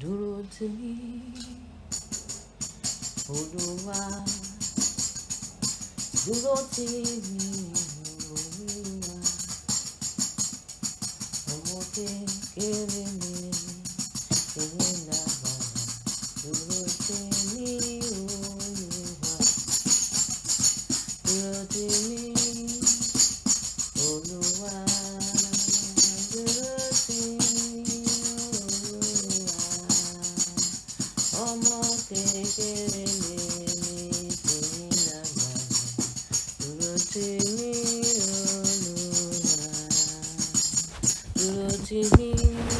dúró tì mí olúwa dúró tì mí olúwa ọmọ kékeré mi Oduwa, duro ti mi oluwa omo kekere me. emi good to me.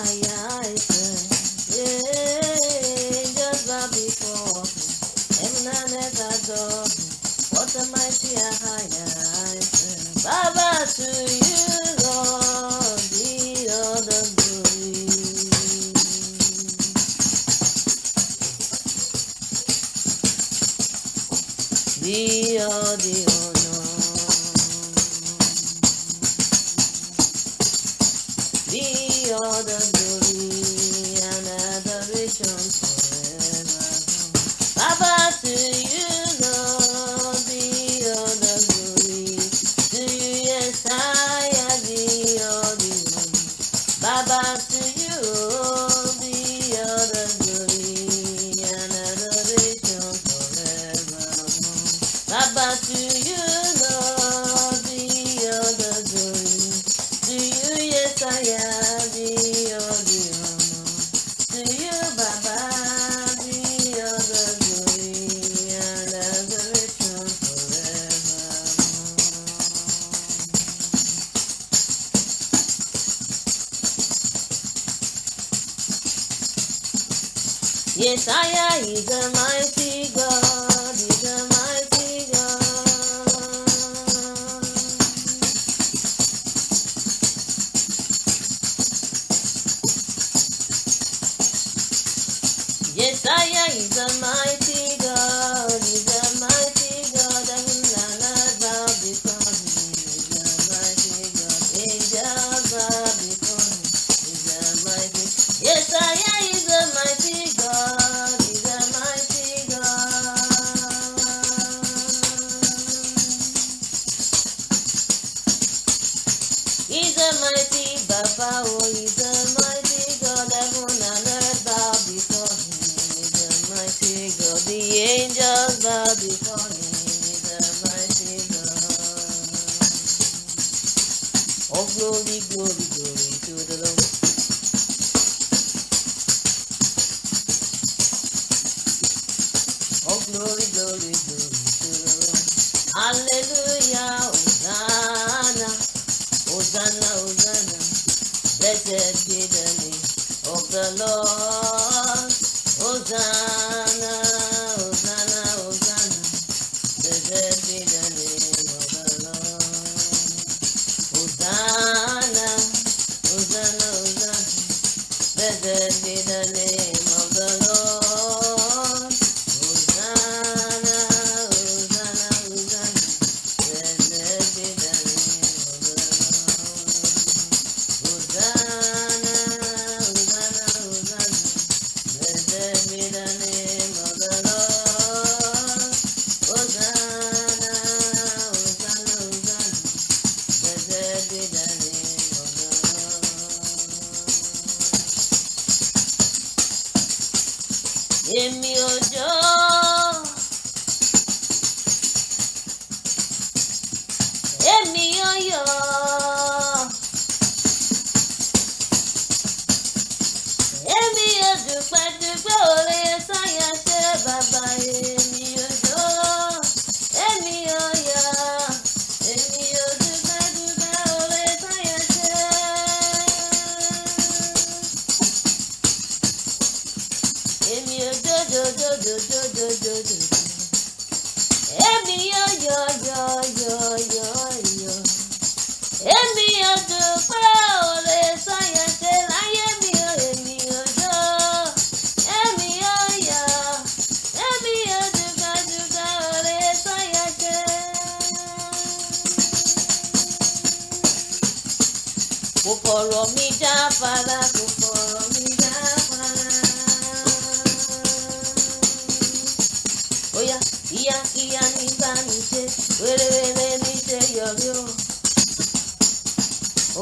higher. Radhika Let the world. gáfárá Oya kíákíá ní bá mi ṣe wérewéré ní ṣe yọrí o.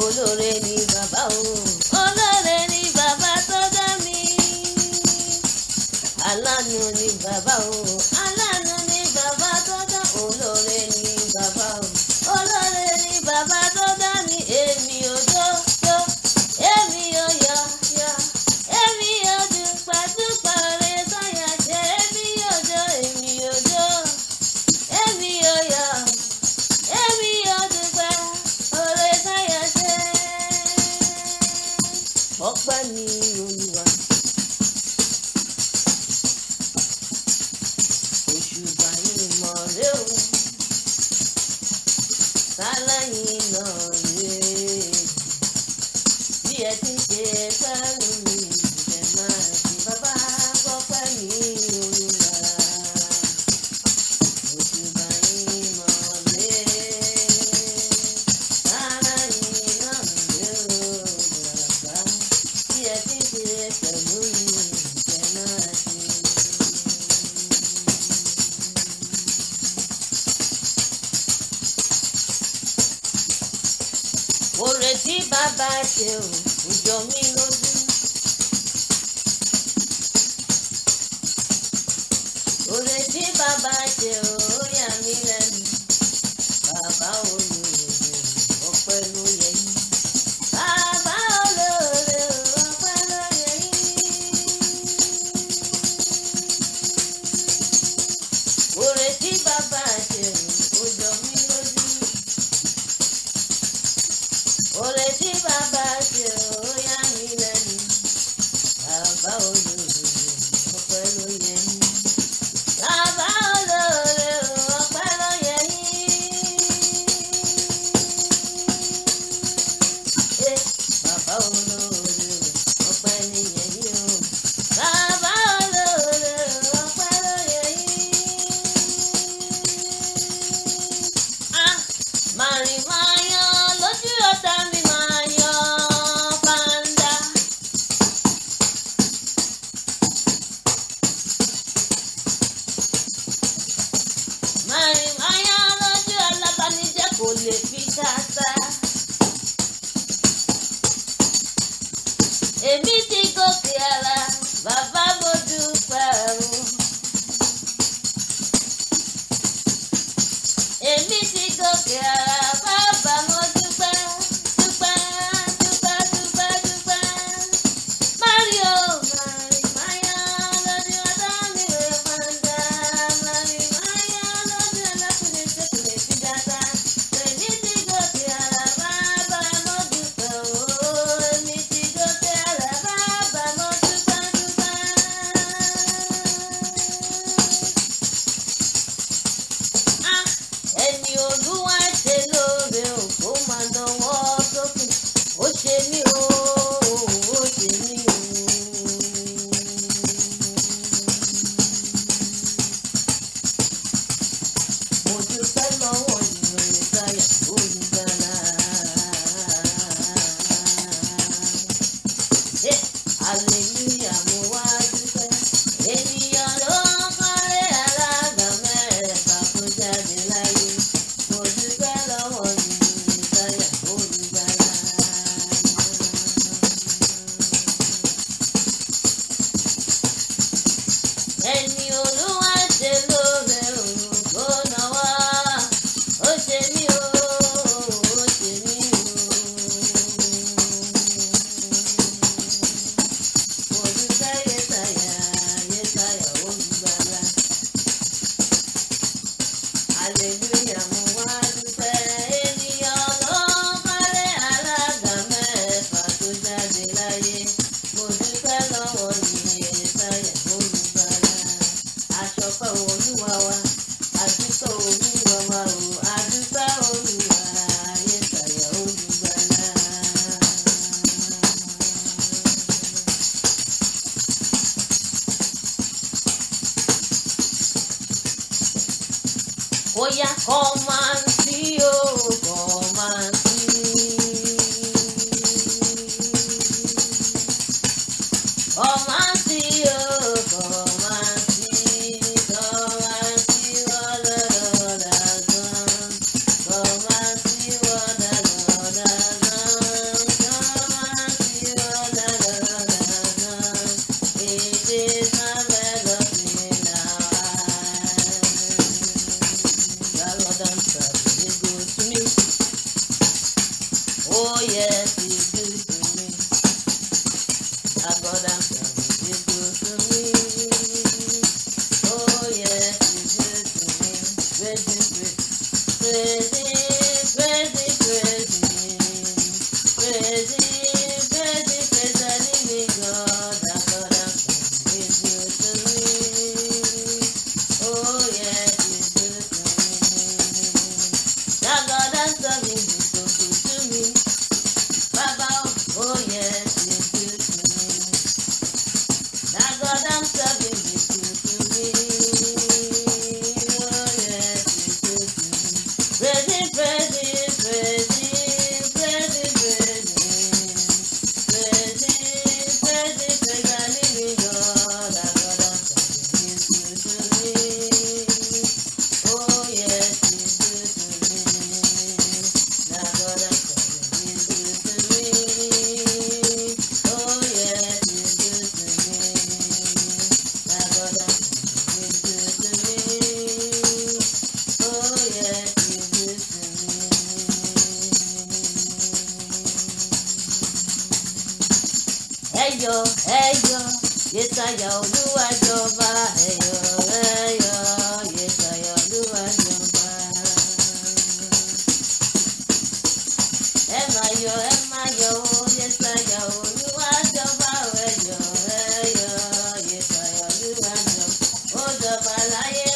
Olóore ni bàbá o. Olóore ni bàbá tó dá mi. ni bàbá o. òrè tí bàbá ṣe ò jọ mí lójú. Yes, I'll Am Oh, Balaye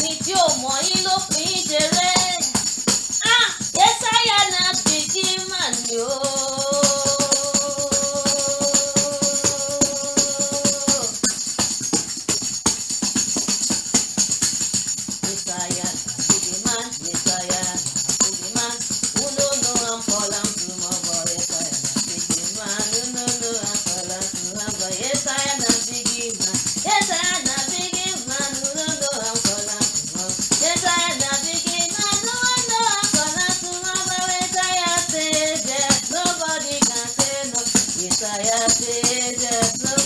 ẹni tí ò mọ̀ yín ló fi ń ṣeré. Jai Jai